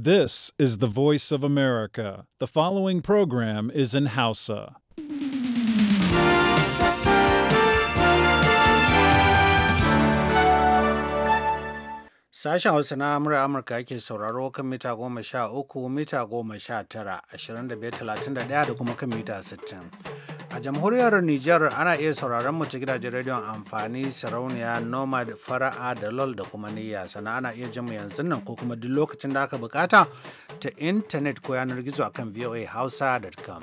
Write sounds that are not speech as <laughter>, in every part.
This is the voice of America. The following program is in Hausa. Sashen Hausa na Amurka Amurka yake sauraro kan mita goma sha uku, mita goma sha tara, ashirin da biyar, talatin da ɗaya da kuma kan mita sittin. A jamhuriyar Nijar ana iya sauraron mu ta gidajen rediyon amfani sarauniya Nomad Fara'a da LOL da kuma Niyya sannan ana iya jin mu yanzu nan ko kuma duk lokacin da aka bukata ta intanet ko yanar gizo akan voa voahausa.com.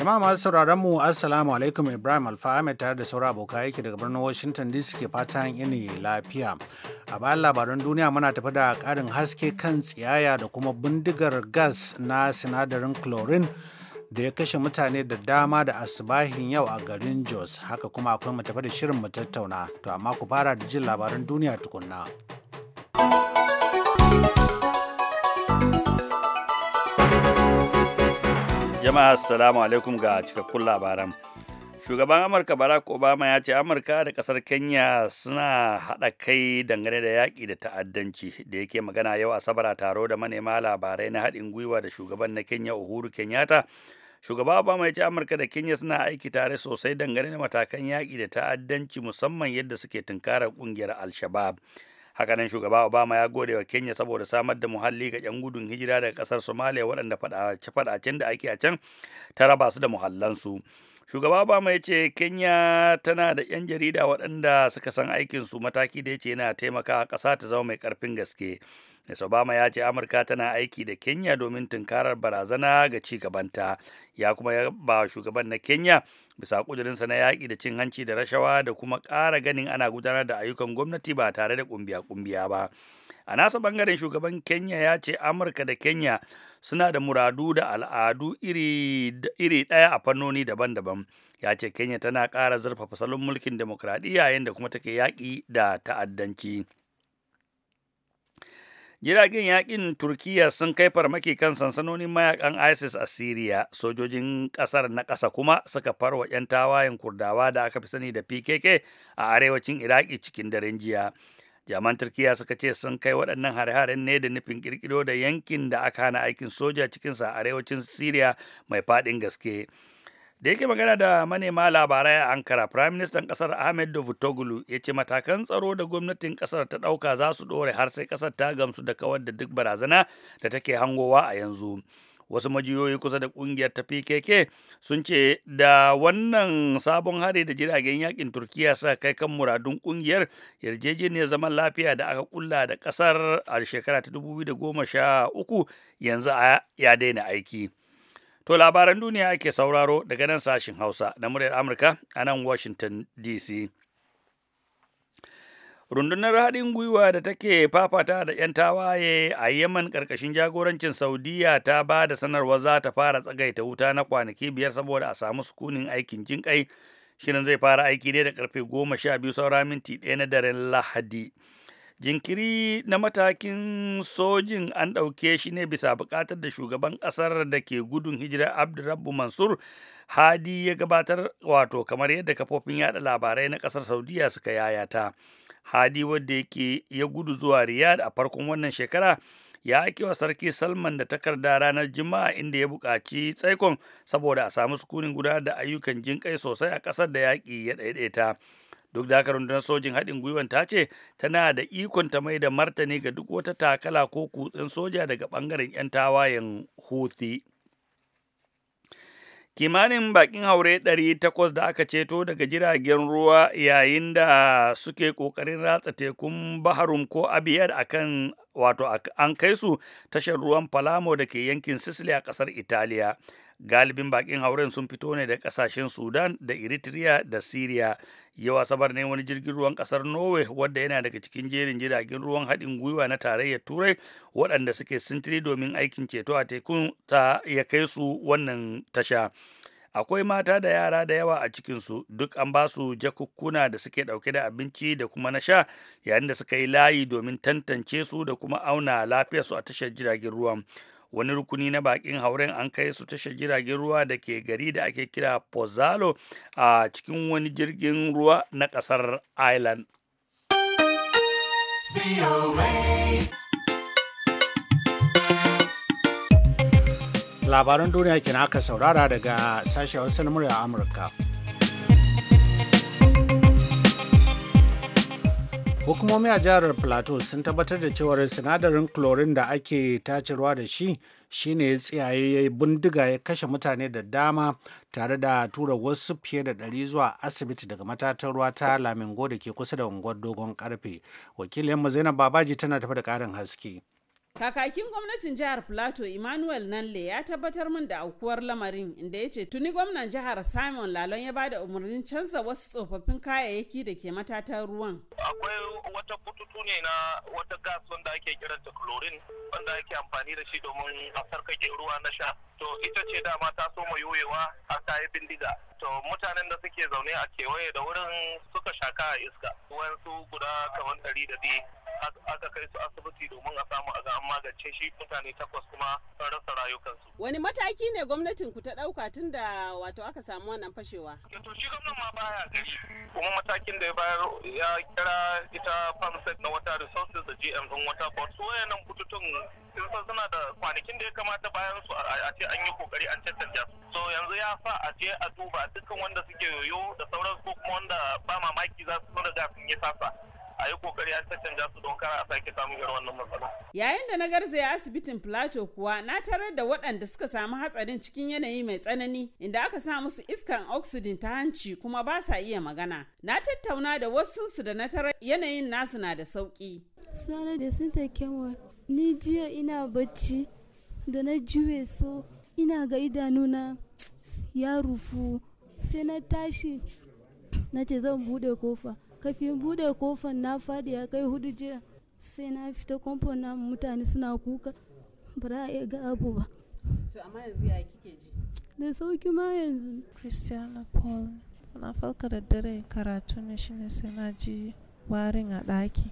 Jama'a masu sauraron mu Assalamu alaikum Ibrahim Alfahamed tare da saura aboka aiki daga birnin Washington DC ke fatan ini lafiya. A bayan labaran duniya muna tafi da karin haske kan tsiyaya da kuma bindigar gas na sinadarin chlorine da ya kashe mutane da dama da asibahin yau a garin Jos. Haka kuma akwai mu tafi da shirin mu tattauna. To amma ku fara da jin labaran duniya tukunna. Jama'a assalamu alaikum ga cikakkun labaran. Shugaban Amurka Barack Obama ya ce Amurka da kasar Kenya suna haɗa kai dangane da yaƙi da ta'addanci da yake magana yau Asabar a taro da manema labarai na haɗin gwiwa da shugaban na Kenya Uhuru Kenyatta. shugaban Obama ya ce Amurka da Kenya suna aiki tare sosai dangane da matakan yaƙi da ta'addanci musamman yadda suke tunkarar ƙungiyar Al-Shabaab. al haka nan shugaba obama ya gode wa kenya saboda samar da muhalli ga 'yan gudun hijira daga kasar somalia waɗanda faɗacen da ake a can ta raba su da muhallansu shugaba obama ya ce kenya tana da 'yan jarida waɗanda suka san aikin su mataki da ya ce yana taimaka ƙasa ta zama mai ƙarfin gaske Mr. Obama ya ce Amurka tana aiki da Kenya domin tunkarar barazana ga ci gabanta. Ya kuma ba shugaban na Kenya bisa sa na yaƙi da cin hanci da rashawa da kuma kara ganin ana gudanar da ayyukan gwamnati ba tare da ƙumbiya-ƙumbiya ba a nasa bangaren shugaban kenya ya ce amurka da kenya suna da muradu da al'adu iri ɗaya a fannoni daban-daban ya ce kenya tana ƙara zurfafa salon mulkin demokradiyya yayin da kuma take yaƙi da ta'addanci Jiragen yakin Turkiyya sun kai farmaki kan sansanonin mayakan ISIS a Syria, sojojin ƙasar na ƙasa kuma suka farwa 'yan tawayen Kurdawa da aka fi sani da PKK a arewacin Iraki cikin daren jiya. jaman turkiya suka ce sun kai waɗannan hare-haren ne da nufin kirkiro da yankin da aka hana aikin soja cikinsa a arewacin syria mai faɗin gaske da yake magana da manema labarai a ankara prime minister kasar ahmed davutoglu ya ce matakan tsaro da gwamnatin kasar ta ɗauka za su ɗore har sai kasar ta gamsu da kawar da duk barazana da take hangowa a yanzu wasu majiyoyi kusa da kungiyar ta pkk sun ce da wannan sabon hari da jiragen yakin turkiya sa kai kan muradun kungiyar yarjejeniyar zaman lafiya da aka kulla da kasar a shekara ta 2013 yanzu ya daina aiki To labaran duniya ake sauraro daga nan sashin Hausa na muryar Amurka a nan Washington DC. rundunar haɗin gwiwa da take fafata da 'yan tawaye a Yemen ƙarƙashin jagorancin Saudiya ta ba da sanarwa za ta fara tsagaita wuta na kwanaki biyar saboda a samu sukunin aikin jinƙai shirin zai fara aiki ne da ƙarfe goma sha biyu saura minti ɗaya na daren Lahadi. jinkiri na matakin sojin an ɗauke shi ne bisa buƙatar da shugaban ƙasar da ke gudun hijira Abdurrabu mansur hadi ya gabatar wato kamar yadda kafofin yada labarai na ƙasar saudiya suka yayata hadi wadda yake ya gudu zuwa riyad a farkon wannan shekara ya ake wa sarki salman da takarda ranar juma'a inda ya buƙaci tsaikon saboda a samu sukunin gudanar da ayyukan jinƙai sosai a ƙasar da yaƙi ya ɗaiɗaita duk da haka rundunar sojin haɗin gwiwan ta ce tana da ikon ta mai da martani ga duk wata takala ko kutsen soja daga ɓangaren 'yan tawayen huthi. kimanin bakin haure 800 da aka ceto daga jiragen ruwa yayin da suke kokarin ratsa tekun baharum ko abiyar akan wato an kai su tashar ruwan palamo da ke yankin sicily a kasar italiya galibin bakin hauren sun fito ne da kasashen sudan da eritrea da syria yau asabar ne wani jirgin ruwan kasar norway wadda yana daga cikin jerin jiragen ruwan haɗin gwiwa na tarayyar turai waɗanda suke sintiri domin aikin ceto a tekun ta ya kai su wannan tasha akwai mata da yara da yawa a cikinsu duk an ba su jakukkuna da suke ɗauke da abinci da kuma na sha yayin da suka yi layi domin tantance su da kuma auna lafiyarsu a tashar jiragen ruwan wani rukuni na bakin hauren an kai su tashar jiragen ruwa da ke gari da ake kira pozzalo a cikin wani jirgin ruwa na kasar ireland labaran duniya kenan aka saurara daga sashen wasu na murya amurka hukumomi a jihar plateau sun tabbatar da cewar sinadarin chlorine da ake tacewa da shi shine tsiyaye ya bindiga ya kashe mutane da dama tare da tura wasu fiye da ɗari zuwa asibiti daga matatan ruwa ta lamingo da ke kusa da unguwar dogon karfe yamma zainab babaji tana tafi da ƙarin haske Kakakin gwamnatin jihar Plateau Emmanuel Nanle ya tabbatar min da aukuwar lamarin inda ya ce tuni gwamnan jihar Simon Lalon ya bada umarnin canza wasu tsofaffin kayayyaki da ke matatan ruwan. Akwai wata kututu ne na wata gas wanda ake kiranta chlorine wanda ake amfani da shi domin a sarkake ruwa na sha. To ita ce dama ta soma yoyewa a kayan bindiga. to mutanen da suke zaune a kewaye da wurin suka shaka a iska wayansu guda kamar ɗari da biyu aka kai su asibiti domin a samu a ga magance shi mutane takwas kuma sun rasa rayukansu. Wani mataki ne gwamnatin ku ta ɗauka tun da wato aka samu wannan fashewa? To shi gwamnan ma baya gari kuma matakin da ya bayar ya kira ita farm na wata resources da GM ɗin wata board su wayannan bututun kasan suna da kwanakin da ya kamata bayan su a ce an yi kokari an su so yanzu ya sa a ce a duba dukkan wanda suke yoyo da sauran ko kuma wanda ba mamaki za su riga sun yi sasa a yi kokari an cancanta su don kara a sake samun irin wannan matsala. Yayin da na garzaya asibitin Plateau kuwa na tarar da waɗanda suka samu hatsarin cikin yanayi mai tsanani inda aka sa musu iskan oxygen ta hanci kuma ba sa iya magana. Na tattauna da wasu su da na tarar yanayin nasu na da sauki. Sunana da sun take ni jiya ina bacci da na juye so ina ga idanuna ya rufu sai na tashi na ce zan bude kofa kafin bude kofan na fadi ya kai hudu jiya sai na fita kwamfan na mutane suna kuka ba za a iya ga abu ba to yanzu ya kike ji da sauki ma yanzu christiana paul na falka da dare karatu ne shine sai na ji warin a ɗaki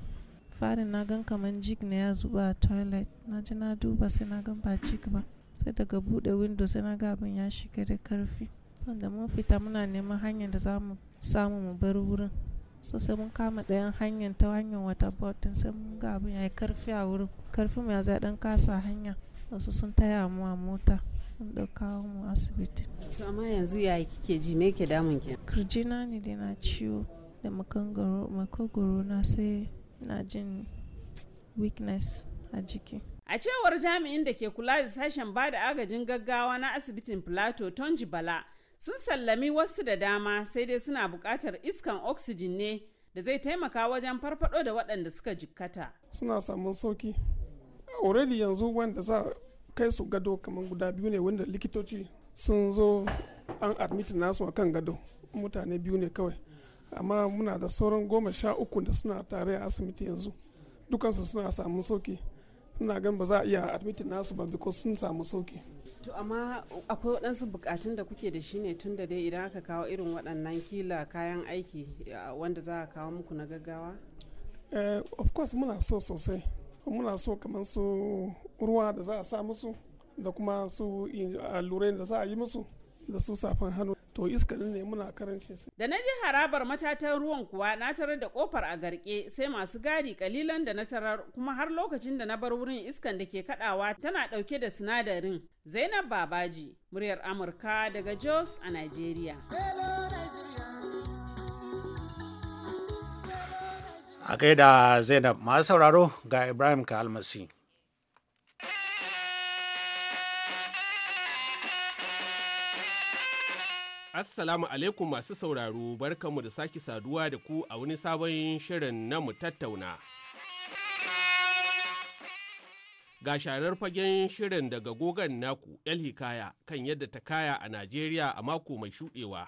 farin na gan kaman jig ne ya zuba a toilet na ji na duba sai na gan ba jig ba sai daga buɗe window sai na ga abin ya shiga da karfi sanda mun fita muna neman hanyar da za mu samu mu bar wurin so sai mun kama ɗayan hanyar ta hanyar water-bod, din sai mun ga abin ya yi karfi a wurin karfi mu ya zai ɗan kasa hanya wasu sun taya mu a mota mun ɗauka mu asibiti to amma yanzu yaya kike ji me ke damun ki kirjina ne da na ciwo da makogoro na sai na jin weakness a jiki a cewar jami'in da ke kula da sashen ba da agajin gaggawa na asibitin plato tonji bala sun sallami wasu da dama sai dai suna buƙatar iskan oxygen ne da zai taimaka wajen farfado da waɗanda suka jikkata suna samun sauki already yanzu wanda za kai su gado kamar guda biyu ne wanda likitoci sun zo an admit nasu a kan gado mutane biyu ne kawai amma muna da sauran goma sha uku da suna tare a asibiti yanzu dukansu suna samun sauki suna gan ba za a iya admitin nasu ba because sun samu sauki to amma akwai waɗansu bukatun da kuke da shi ne tun da dai idan aka kawo irin waɗannan kila kayan aiki wanda za a kawo muku na gaggawa eh, of course muna so sosai muna so kamar su ruwa da za a sa musu da kuma su eh, da za a yi musu da su safin hannu to iska ne muna karance su da na je harabar matatan ruwan kuwa na tarar da kofar a garke sai masu gadi kalilan da na tarar kuma har lokacin da na bar wurin iskan da ke kadawa tana dauke da sinadarin zainab babaji muryar amurka daga jos a nigeria a gaida zainab masu sauraro ga ibrahim ka Assalamu alaikum masu sauraro barkanmu da sake saduwa da ku a wani sabon shirin na mu tattauna. Ga sharar fagen shirin daga gogan naku El Hikaya kan yadda ta kaya a Najeriya a mako mai shuɗewa.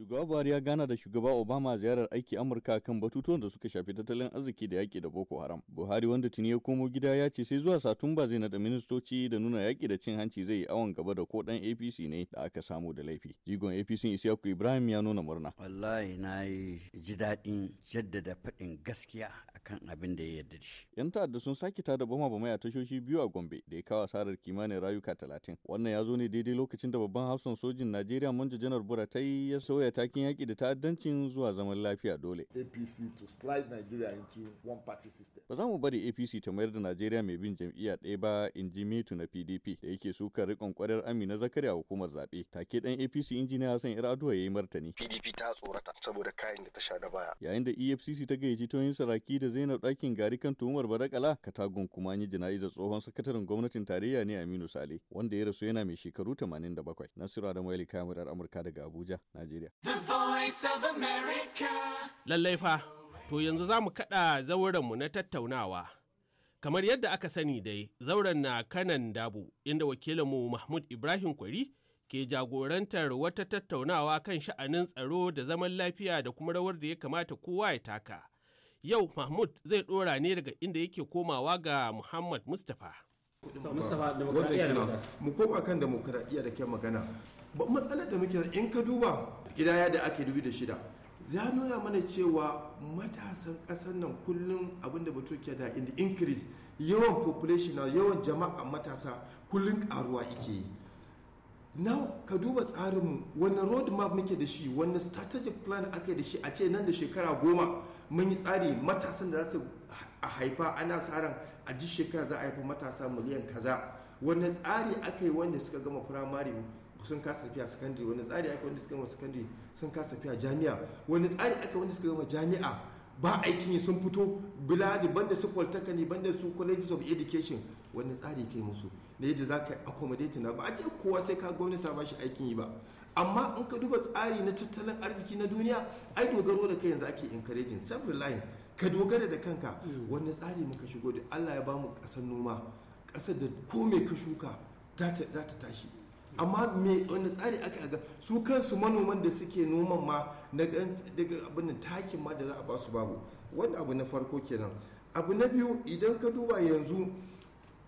Shugaba Buhari ya gana da shugaba Obama ziyarar aiki Amurka kan batutuwan da suka shafi tattalin arziki da yaƙi da Boko Haram. Buhari wanda tuni ya komo gida ya ce sai zuwa Satumba zai naɗa ministoci da nuna yaƙi da cin hanci zai yi awon gaba da ko dan APC ne da aka samu da laifi. Jigon APC Isiyaku Ibrahim ya nuna murna. Wallahi na yi ji daɗin jaddada faɗin gaskiya akan abin da ya yarda da shi. Yan ta'adda sun sake tada bama bama ya tashoshi biyu a Gombe da ya kawo asarar kimanin rayuka talatin. Wannan ya zo ne daidai lokacin da babban hafsan sojin Najeriya Manja Janar yi ya sauya sauya takin yaƙi da ta'addancin zuwa zaman lafiya dole. APC to slide Nigeria into one party system. Ba za mu bari APC ta mayar da Najeriya mai bin jam'iyya ɗaya ba in ji Metu na PDP da yake sukar rikon kwarar Amina Zakari a hukumar zaɓe. Take dan APC injiniya Hassan Iraduwa ya yi martani. PDP ta tsorata saboda kayan da ta sha da baya. Yayin da EFCC ta gayyaci toyin saraki da Zainab ɗakin gari kan tuhumar Badakala Katagun kuma an yi jana'izar tsohon sakataren gwamnatin tarayya ne Aminu Sale wanda ya rasu yana mai shekaru 87. Nasiru Adamu Ali Kamarar Amurka daga Abuja, Najeriya. The Voice of America. Lallai fa, to yanzu za mu kaɗa zaurenmu na tattaunawa. Kamar yadda aka sani dai, zauren na kanan dabu inda wakilinmu Mahmud Ibrahim Kwari ke jagorantar wata tattaunawa kan sha'anin tsaro da zaman lafiya da kuma rawar da ya kamata kowa ya taka. Yau Mahmud zai ɗora ne daga inda yake komawa ga Muhammad Mustapha. Mu koma kan demokuraɗiyya da ke magana. Matsalar da muke in ka duba gidaya da ake dubi da shida ya nuna mana cewa matasan kasar nan kullum abinda batu ke da in the increase yawan population na yawan jama'a matasa kullum karuwa ike yi na ka duba tsarinmu wani road map muke da shi wani strategic plan ake da shi a ce nan da shekara goma mun yi tsari matasan da za su haifa ana tsarin a duk shekara za a haifa matasa miliyan kaza wani tsari aka yi wanda suka gama firamare sun kasa tafiya sakandare wani tsari aka wanda suka gama sakandare sun kasa tafiya jami'a wani tsari aka wanda suka gama jami'a ba aikin sun fito biladi banda su ne banda su colleges of education wani tsari kai musu na yadda za ka accommodate na ba a ce kowa sai ka gwamnati ta bashi aikin yi ba amma in ka duba tsari na tattalin arziki na duniya ai dogaro da kai yanzu ake encouraging self reliant ka dogara da kanka mm. wani tsari muka shigo da Allah ya bamu kasar noma kasar da ko mai ka shuka za ta tashi amma me wanda tsari aka ga su kansu manoman da suke noman ma daga abin takin ma da za a ba su babu wanda abu na farko kenan abu na biyu idan ka duba yanzu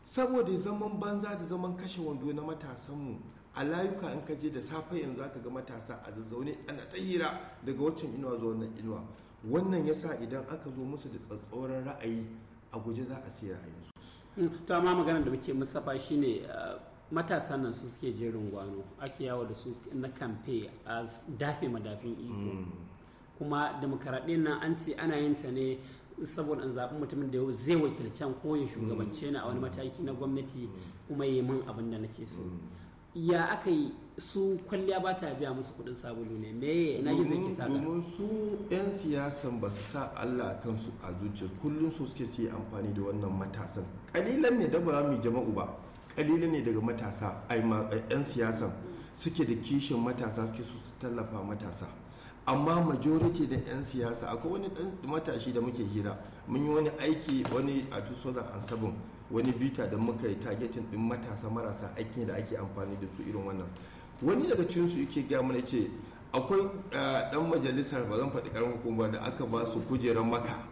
saboda zaman banza da zaman kashe wando na matasanmu a layuka in ka je da safe yanzu aka ga matasa a zazzaune ana ta hira daga waccan inuwa zuwa wannan inuwa wannan yasa idan aka zo musu da tsatsauran ra'ayi a guje za a sai ra'ayinsu hmm, to amma maganar da muke musafa shine ah, matasan nan su suke jerin gwano ake yawo da su na kamfe a dafe madafin iko kuma demokaradiyyar nan an ce ana yin ta ne saboda an zaɓi mutumin da zai wakilcan ko ya shugabance na a wani mataki na gwamnati kuma yi min abin da nake so ya aka yi su kwalliya ba ta biya musu kuɗin sabulu ne me na yi ke sa domin su 'yan siyasan ba su sa Allah a kansu a zuciya kullum su suke su yi amfani da wannan matasan kalilan ne da ba mu jama'u ba kalilin ne daga matasa a yan eh, siyasa suke da kishin matasa suke su tallafa matasa amma majority da 'yan siyasa akwai wani dan matashi da muke hira mun yi wani aiki wani a 2007 wani bita da muka yi targeting din matasa marasa aiki da ake amfani da su irin wannan wani daga cinsu yake gaya mana ce akwai dan eh, majalisar ba zan faɗi karamin hukuma da aka ba su kujerar maka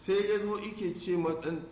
sai ya zo ike ce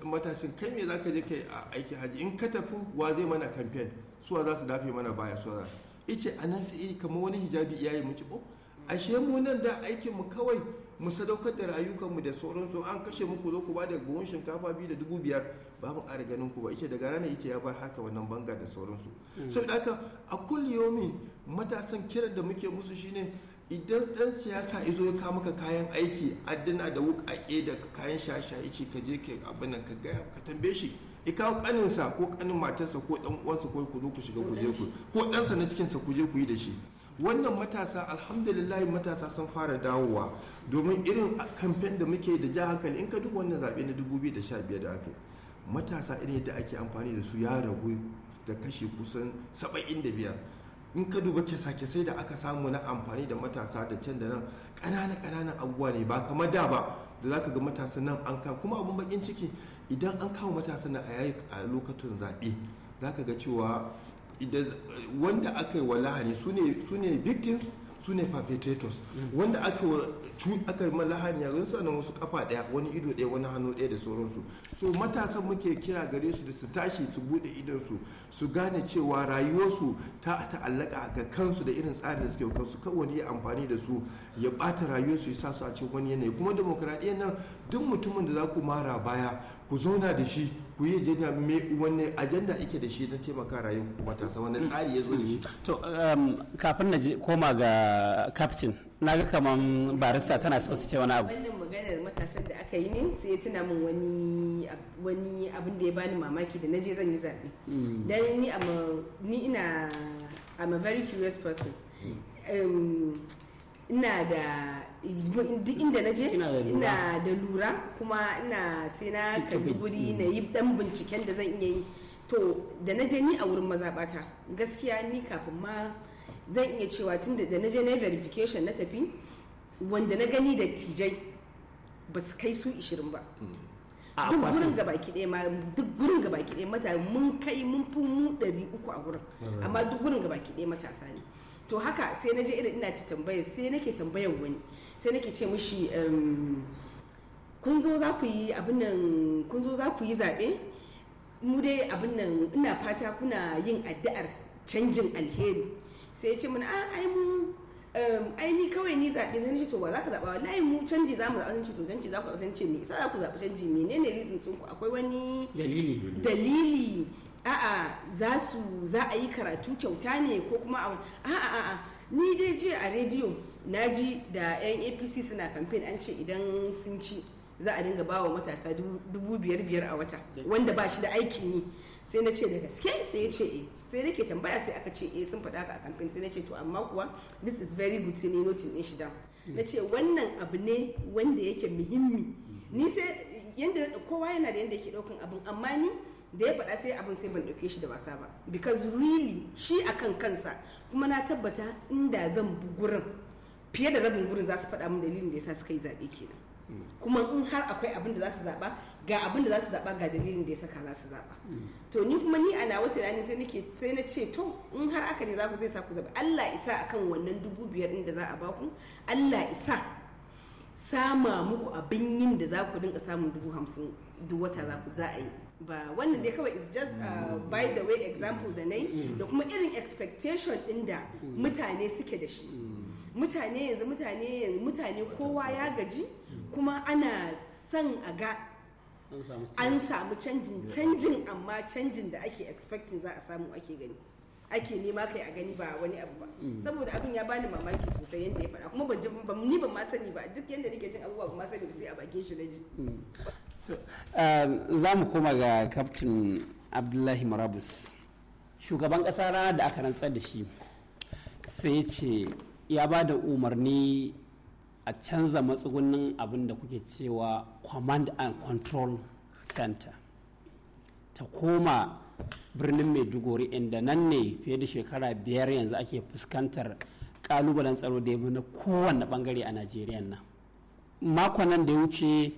matashin kai me zaka je kai a aiki hajji in ka tafi wa zai mana kamfen suwa za su dafe mana baya suwa ice a nan sai kamar wani hijabi iyaye mu ci o oh, ashe mu nan da aikin mu kawai mu sadaukar da rayukanmu da sauransu an kashe muku zo ku ba da buhun shinkafa biyu da dubu biyar ba mu ƙara ganin ku ba ice daga ranar ice ya bar haka wannan banga da sauransu mm. saboda haka a kulli yomi matasan kiran da muke musu shine idan ɗan siyasa izo ya kawo maka kayan aiki addina da wukaƙe da kayan shashaye ce ka je ka abin nan ka gaya ka tambaye shi ya kawo kaninsa ko kanin matarsa ko ɗan uwansa ko ku zo ku shiga ku je ku ko ɗansa na cikinsa ku je ku yi da shi wannan matasa alhamdulillah matasa sun fara dawowa domin irin kamfen da muke da ja hankali in ka duba wannan zaɓe na 2015 da aka matasa irin yadda ake amfani da su ya ragu da kashi kusan 75 in ka duba kyasa-kyasai da aka samu na amfani da matasa da can da nan ƙananan-ƙananan abubuwa ne ba kamar da ba da za ka ga matasan nan an kawo kuma abin bakin ciki idan an kawo matasan nan a yayi a lokacin zaɓe za ka ga cewa wanda aka yi wa lahani su ne victims su ne perpetrators wanda aka aka yi malahaniya wani wasu kafa daya wani ido daya wani hannu daya da sauransu so matasan muke kira gare su da su tashi su bude idonsu su gane cewa rayuwarsu ta ta'allaka ga kansu da irin tsarin da suke kansu kan wani ya amfani da su ya bata rayuwarsu ya sa su a cikin wani yanayi kuma demokradiyyar nan duk mutumin da za ku mara baya ku zauna da shi ku yi ajenda me wani agenda ike da shi don taimaka rayu matasa wani tsari ya zo da shi to um, kafin na koma ga captain na ga kaman barista tana so ta ce wani abu wannan maganar matasan da aka yi ne sai ya tuna min wani wani abin da ya bani mamaki da naje zan yi zabe mm. dan ni ni ina I'm a very curious person mm. um, ina da inda na je ina da lura kuma ina sai na kalli guri na yi dan binciken da zan iya yi to da na je ni a wurin mazaɓata gaskiya ni kafin ma zan iya cewa tun da na je na verification na tafi wanda na gani da tijai ba su kai su ishirin ba mm. duk gurin ga baki ɗaya ma duk gurin ga baki mata mun kai mun fi mu ɗari uku a gurin mm. amma duk gurin ga baki matasa ne to haka sai na je irin ina ta tambaya sai nake tambayar wani sai nake ce mishi kun zo za ku yi abin nan kun zo za ku yi zaɓe mu dai abin nan ina fata kuna yin addu'ar canjin alheri sai ya ce mana a ah, ai mu ai ni kawai ni zaɓe zan ce to ba za ka zaɓa wallahi mu canji za mu zaɓa ce to canji za ku zaɓa ce me sai za ku zaɓa canji menene reason tun ku akwai wani dalili dalili a'a za su za a yi karatu kyauta ne ko kuma a a'a a'a ni dai je a rediyo na ji da yan apc suna kamfen an ce idan sun ci za a dinga bawa matasa dubu biyar biyar a wata wanda ba shi da aikin yi sai na ce da gaske sai ya ce e sai nake tambaya sai aka ce e sun faɗa ka a kamfen sai na ce to amma kuwa this is very good sai ne notin din shi na ce wannan abu ne wanda yake muhimmi ni sai yanda kowa yana da yanda yake ɗaukan abin amma ni da ya faɗa sai abin sai ban ɗauke shi da wasa ba because really shi akan kansa kuma na tabbata inda zan bi gurin fiye da rabin gurin za su faɗa min dalilin da ya sa suka yi zaɓe kenan hmm. kuma in har akwai abin da za su zaɓa ga abin da za su zaɓa ga dalilin da ya saka za su zaɓa hmm. to ni kuma ni a nawa tunani sai nake sai na ce to in har aka ne za ku zai sa ku zaɓa Allah isa akan wannan dubu biyar inda da za a ba ku. Allah isa sama muku abin yin da za ku dinga samun dubu hamsin duk wata za ku za a yi ba wannan dai kawai is just uh, mm. by the way example da nai mm. da kuma irin expectation din da mm. mutane suke da shi mutane yanzu mutane yanzu mutane kowa ya gaji kuma ana son a ga an samu canjin canjin amma canjin da ake expecting za a samu ake gani ake nema kai a gani ba wani abu ba saboda abin ya bani mamaki sosai yadda ya faɗa kuma ban ni ban ma sani ba duk yadda nake jin abubuwa ban ma sani ba sai a bakin shi na ji Um, za mu koma ga kaftin abdullahi marabus shugaban ƙasa rana da aka rantsar da shi sai ce ya ba da umarni a canza matsugunin abin da kuke cewa command and control center ta koma birnin maiduguri inda nan ne fiye da shekara biyar yanzu ake fuskantar kalubalen tsaro da ya na kowane bangare a najeriya nan makon nan da ya wuce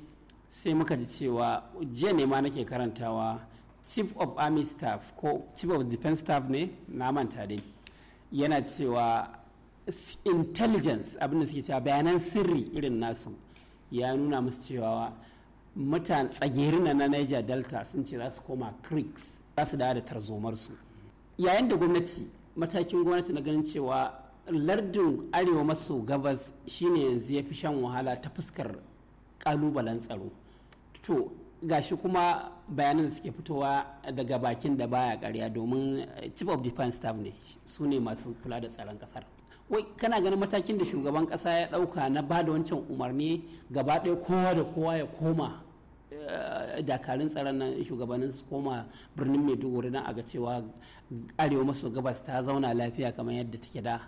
sai muka ji cewa jiya ne ma nake karantawa chief of army staff ko chief of defense staff ne na manta dai yana cewa intelligence abinda suke cewa bayanan sirri irin nasu ya nuna musu cewa mutan tsagerin na niger delta sun ce za su koma creeks za su dawo da tarzomarsu yayin da gwamnati matakin gwamnati na ganin cewa lardin arewa maso gabas shine yanzu ya fi shan wahala ta fuskar kalubalen tsaro to gashi kuma bayanan da suke fitowa daga bakin da baya karya domin eh, chief of defense staff ne su ne masu kula da tsaron kasar wai kana ganin matakin da shugaban kasa ya dauka na ba da wancan umarni gaba ɗaya kowa da kowa ya koma dakarun eh, tsaron nan shugabannin su koma birnin maiduguri na aga cewa arewa maso gabas ta zauna lafiya kamar yadda take da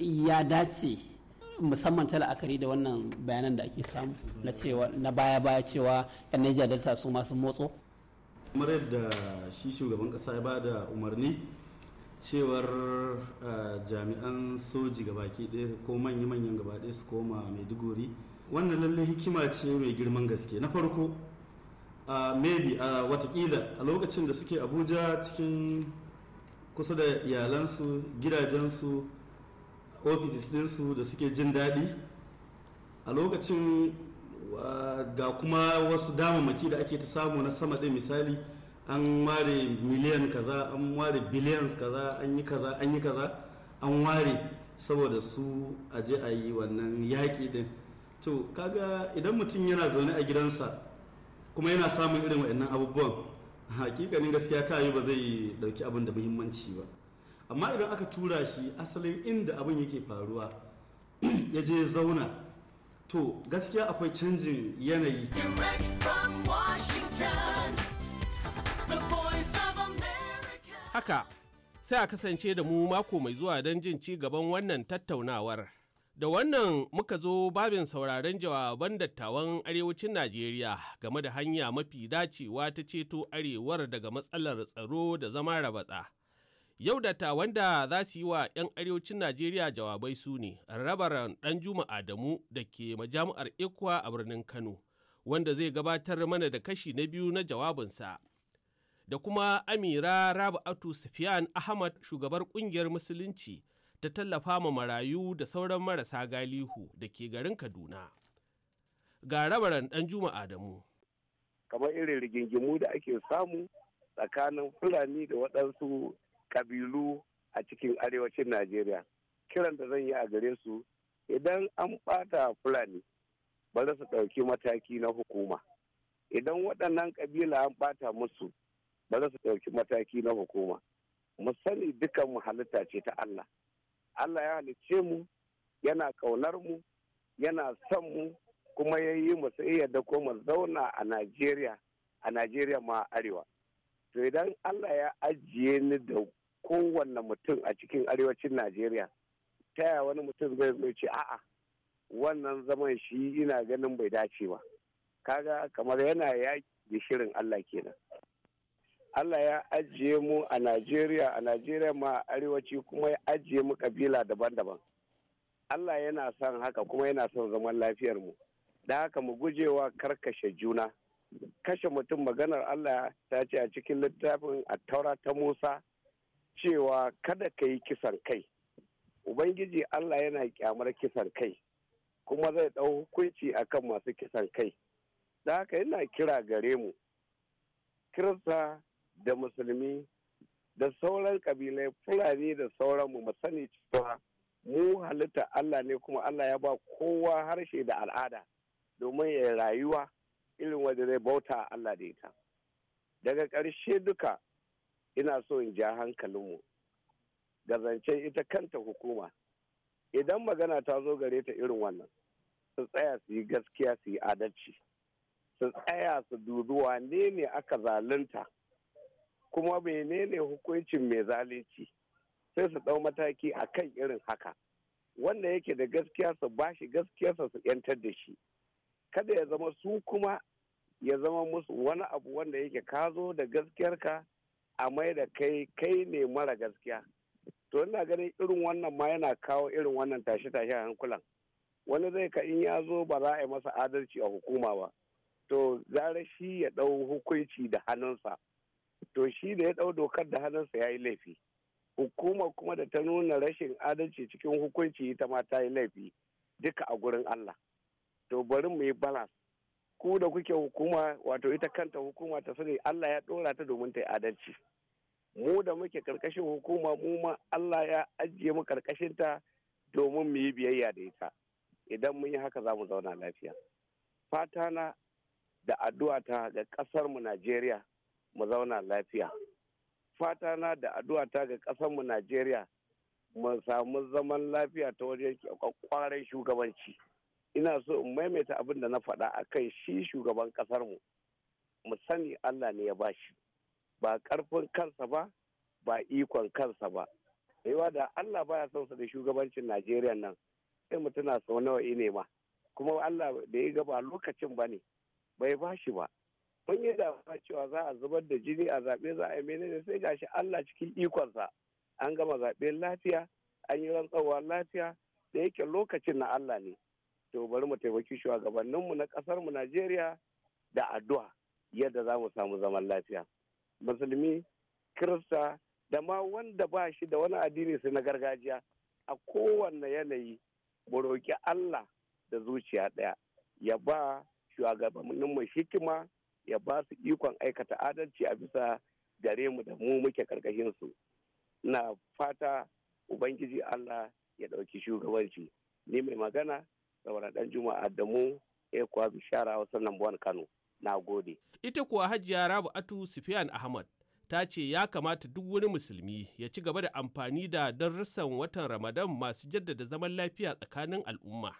ya dace musamman ta la'akari da wannan bayanan da ake samu na cewa na baya baya cewa yan Niger Delta su masu motso kamar yadda shi shugaban kasa ya bada umarni cewar eh, jami'an soji gabaki daya ko manya-manyan gaba ɗaya su koma maiduguri wannan lalle hikima ce mai girman gaske na farko maybe a watakila a lokacin da suke abuja cikin kusa da iyalansu gidajensu offices ɗinsu da suke jin daɗi a lokacin ga kuma wasu damammaki da ake ta samu na sama ɗin misali an ware miliyan kaza an ware billions kaza an yi kaza an yi kaza an ware saboda su aje je a yi wannan yaƙi ɗin to kaga idan mutum yana zaune a gidansa kuma yana samun irin waɗannan abubuwan hakikanin gaskiya ta yi ba zai ɗauki abin da muhimmanci ba amma idan aka tura shi asalin inda abin yake faruwa <clears throat> ya je zauna to gaskiya akwai canjin yanayi haka sai a kasance da mu mako mai zuwa don jin ci gaban wannan tattaunawar da wannan muka zo babin sauraron jawaban dattawan arewacin najeriya game da hanya mafi dacewa ta ceto arewar daga matsalar tsaro da zama rabatsa Yau dattawan da za su yi wa 'yan arewacin Najeriya jawabai su ne rabaran juma Adamu da ke majami'ar Ikwa a birnin Kano, wanda zai gabatar mana da kashi na biyu na jawabinsa. Da kuma Amira atu Sufiyan Ahmad shugabar kungiyar Musulunci ta tallafa ma marayu da sauran marasa galihu da ke garin Kaduna. Ga rabaran Ɗanjuma Adamu. Kamar irin rigingimu da ake samu tsakanin Fulani da waɗansu kabilu a cikin arewacin najeriya kiran da zan yi a gare su idan an bata fulani ba za su ɗauki mataki na hukuma idan waɗannan ƙabila an bata musu ba za su ɗauki mataki na hukuma mu sani dukan mu halitta ce ta allah allah ya halicce mu yana ƙaunar mu yana son mu kuma ya yi mu sai yadda kuma mu zauna a najeriya a najeriya ma arewa to idan allah ya ajiye ni da kowanne mutum a cikin arewacin najeriya ta yaya wani mutum zai zo ce a'a wannan zaman shi ina ganin bai dace ba kaga kamar yana yaƙi da shirin allah kenan allah ya ajiye mu a najeriya a najeriya ma arewaci kuma ya ajiye mu kabila daban-daban allah yana son haka kuma yana son zaman lafiyar mu da haka mu gujewa karkashe juna kashe mutum maganar Allah ta ce a cikin littafin attaura ta Musa cewa kada ka yi kisan kai. Ubangiji Allah yana kyamar kisan kai kuma zai ɗau hukunci akan masu kisan kai. Da haka yana kira gare mu, Kirista da Musulmi da sauran ƙabilai Fulani da sauran mu sani cewa mu halitta Allah ne kuma Allah ya ba kowa harshe da al'ada domin ya rayuwa. irin wanda zai bauta Allah da ita daga ƙarshe duka ina so in ja hankalinmu ga zancen ita kanta hukuma idan magana ta zo gare ta irin wannan su tsaya su yi gaskiya su yi adalci su tsaya su dubi wane ne aka zalunta kuma menene hukuncin mai zalunci sai su ɗau mataki a kan irin haka wanda yake da gaskiya su bashi shi gaskiyarsa su 'yantar da shi kada ya zama su kuma ya zama musu wani abu wanda yake ka zo da gaskiyarka a mai da kai kai ne mara gaskiya to ina ganin irin wannan ma yana kawo irin wannan tashe-tashe a hankulan wani zai ka in ya zo ba za a yi masa adalci a hukuma ba to zara shi ya dau hukunci da hannunsa to shi da ya dau dokar da hannunsa ya yi laifi hukuma kuma da ta nuna rashin adalci cikin hukunci ita ma ta yi laifi duka a gurin Allah to bari mu yi balance ku da kuke hukuma wato ita kanta hukuma ta sani Allah ya dora ta domin ta yi adalci mu da muke karkashin hukuma mu ma Allah ya ajiye mu karkashin ta domin mu yi biyayya da ita idan mun yi haka za mu zauna lafiya fata na da addu'a ta ga kasar mu Najeriya mu zauna lafiya fata na da addu'a ta ga kasar mu Najeriya mu samu zaman lafiya ta wajen kwakwaren shugabanci ina so in maimaita abin da na faɗa akan shi shugaban ƙasarmu mu mu sani allah ne ya ba shi ba ƙarfin kansa ba ba ikon kansa ba yawa da allah baya son su da shugabancin najeriya nan sai mu tuna sau nawa ne ma kuma allah da ya gaba lokacin ba ne bai ba shi ba mun yi da cewa za a zubar da jini a zaɓe za a yi menene sai shi allah cikin ikonsa an gama zaɓe lafiya an yi rantsarwa lafiya da yake lokacin na allah ne to bari mu taimaki shugabanninmu na ƙasarmu Najeriya da addu'a yadda za mu samu zaman lafiya. Musulmi, Kirista, da ma wanda ba shi da wani addini sai na gargajiya a kowanne yanayi mu roƙi Allah da zuciya ɗaya ya ba shugabanninmu hikima ya ba su ikon aikata adalci a bisa gare mu da mu muke su Na fata Ubangiji Allah ya ɗauki shugabanci. Ni mai magana saboda dan juma'a da mu shara bishara wasan nan kano na gode ita kuwa hajiya rabu atu sufiyan ahmad ta ce ya kamata duk wani musulmi ya ci gaba da amfani da darussan watan ramadan masu jaddada zaman lafiya tsakanin al'umma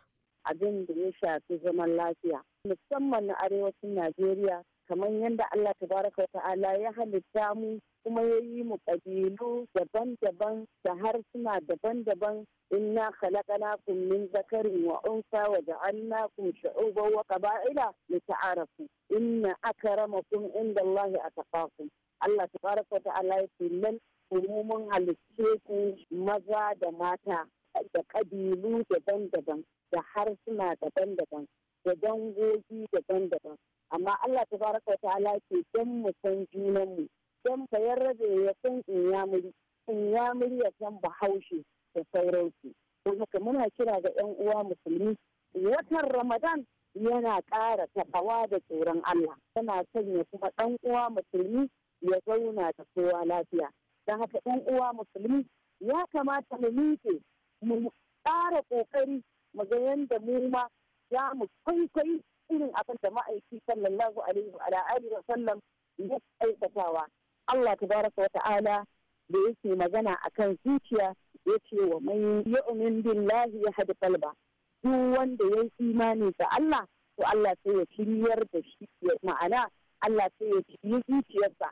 abin da ya shafi zaman lafiya musamman na arewacin najeriya kamar yadda allah tabaraka wa ta'ala ya halitta mu kuma ya yi mu ƙabilu daban-daban da har suna daban-daban inna khalaqnakum min zakarin wa unsa wa ja'alnakum shu'uban wa qaba'ila lita'arafu inna akramakum inda Allah atqakum Allah tabaraka wa ta'ala ya ce nan umumin halitce ku maza da mata da kabilu daban-daban da harsuna daban-daban da dangogi daban-daban amma Allah tabaraka wa ta'ala ke dan mu san junanmu dan bayar rabe ya san in ya muri in ya muri ya san bahaushe da sauransu ko haka muna kira ga 'yan uwa musulmi watan ramadan yana ƙara taɓawa da tsoron allah tana sanya kuma ɗan uwa musulmi ya zauna da kowa lafiya Da haka ɗan uwa musulmi ya kamata mu miƙe mu ƙara ƙoƙari mu ga yadda mu ma za mu kwaikwayi irin abin da ma'aiki sallallahu alaihi wa alihi wa sallam ya aikatawa Allah tabaraka wa ta'ala da yake magana akan zuciya ya ce wa man yu'min billahi ya hadi kalba duk wanda ya yi imani ga Allah to Allah sai ya shiryar da shi ma'ana Allah sai ya shirye zuciyarsa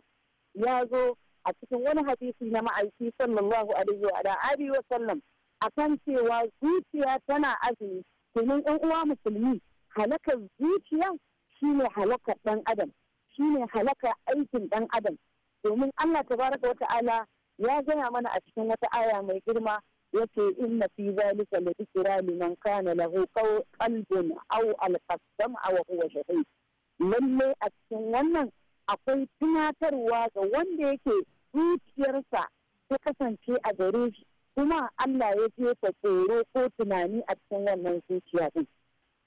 ya zo a cikin wani hadisi na ma'aiki sallallahu alaihi wa alihi wa sallam akan cewa zuciya tana azumi domin ɗan uwa musulmi halakar zuciya shine halakar ɗan adam shine halakar aikin ɗan adam domin Allah tabaraka wa ta'ala ya gaya mana a cikin wata aya mai girma yace inna fi zalika la dhikra liman kana lahu qalbun aw al-qasam aw huwa shahid lalle a cikin wannan akwai tunatarwa ga wanda yake zuciyarsa ta kasance a gare shi kuma Allah ya je ta tsoro ko tunani a cikin wannan zuciya din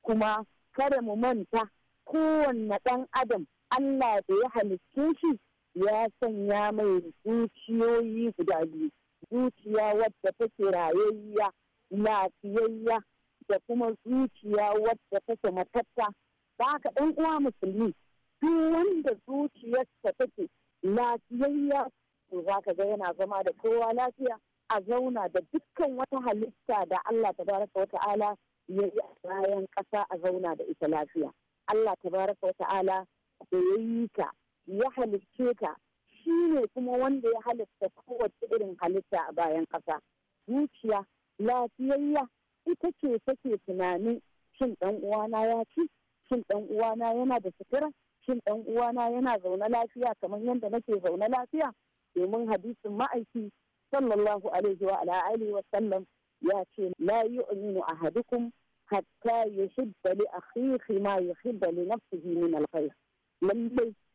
kuma kada mu manta kowanne ɗan adam Allah da ya halicce shi ya sanya mai zuciyoyi guda biyu zuciya wadda take rayayya lafiyayya da kuma zuciya wadda take matatta ba ka ɗan uwa musulmi duk wanda zuciyarsa take lafiyayya to za ka ga yana zama da kowa lafiya a zauna da dukkan wata halitta da Allah ta wa wata'ala ya yi a bayan ƙasa a zauna da ita lafiya Allah ta tabaraka wata'ala da ya ka ya halicce ta shi ne kuma wanda ya halitta kowace irin halitta a bayan ƙasa zuciya lafiyayya ita ce take tunanin shin ɗan uwana ya ci shin ɗan uwana yana da sutura shin ɗan uwana yana zaune lafiya kamar yadda nake zaune lafiya domin hadisin ma'aiki sallallahu alaihi wa alaihi wa sallam ya ce la yu'minu ahadukum hatta yuhibba li akhihi ma yuhibba li nafsihi min al lallai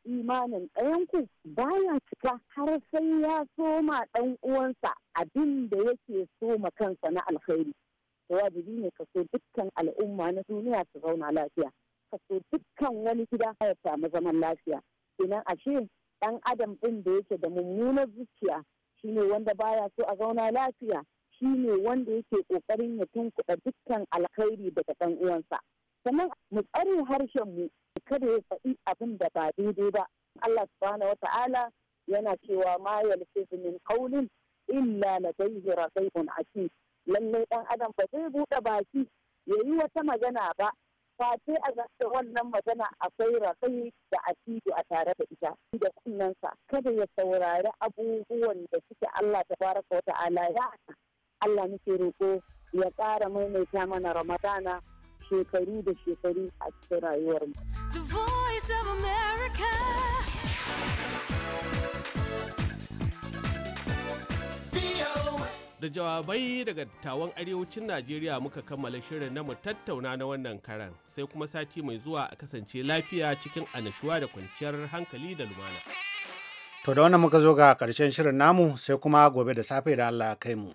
imanin ɗayanku baya cika har sai ya soma ɗan uwansa abin da yake soma kansa na alkhairi to wajibi ne ka so dukkan al'umma na duniya su zauna lafiya ka so dukkan wani gida ya samu zaman lafiya kenan ashe ɗan adam ɗin da yake da mummunar zuciya shine wanda baya so a zauna lafiya shine wanda yake ƙoƙarin ya tunkuɗa dukkan alkhairi daga ɗan uwansa sannan mu tsare harshen mu kada ya faɗi abin da ba daidai ba Allah subhanahu wa ta'ala yana cewa ma yalfizu min qawlin illa ladayhi raqibun atid lalle dan adam ba zai bude baki yayi wata magana ba fate a ga wannan magana akwai raƙai da atidu a tare da ita da kunnansa kada ya saurari abubuwan da suke Allah tabaraka wa ta'ala ya Allah muke roƙo ya ƙara maimaita mana Ramadana shekaru da shekaru a cikin rayuwar mu. Da jawabai daga tawon arewacin Najeriya muka kammala shirin na mu tattauna na wannan karan sai kuma sati mai zuwa a kasance lafiya cikin anashuwa da kwanciyar hankali da lumana. To da wannan muka zo ga ƙarshen shirin namu sai kuma gobe da safe da Allah kai mu.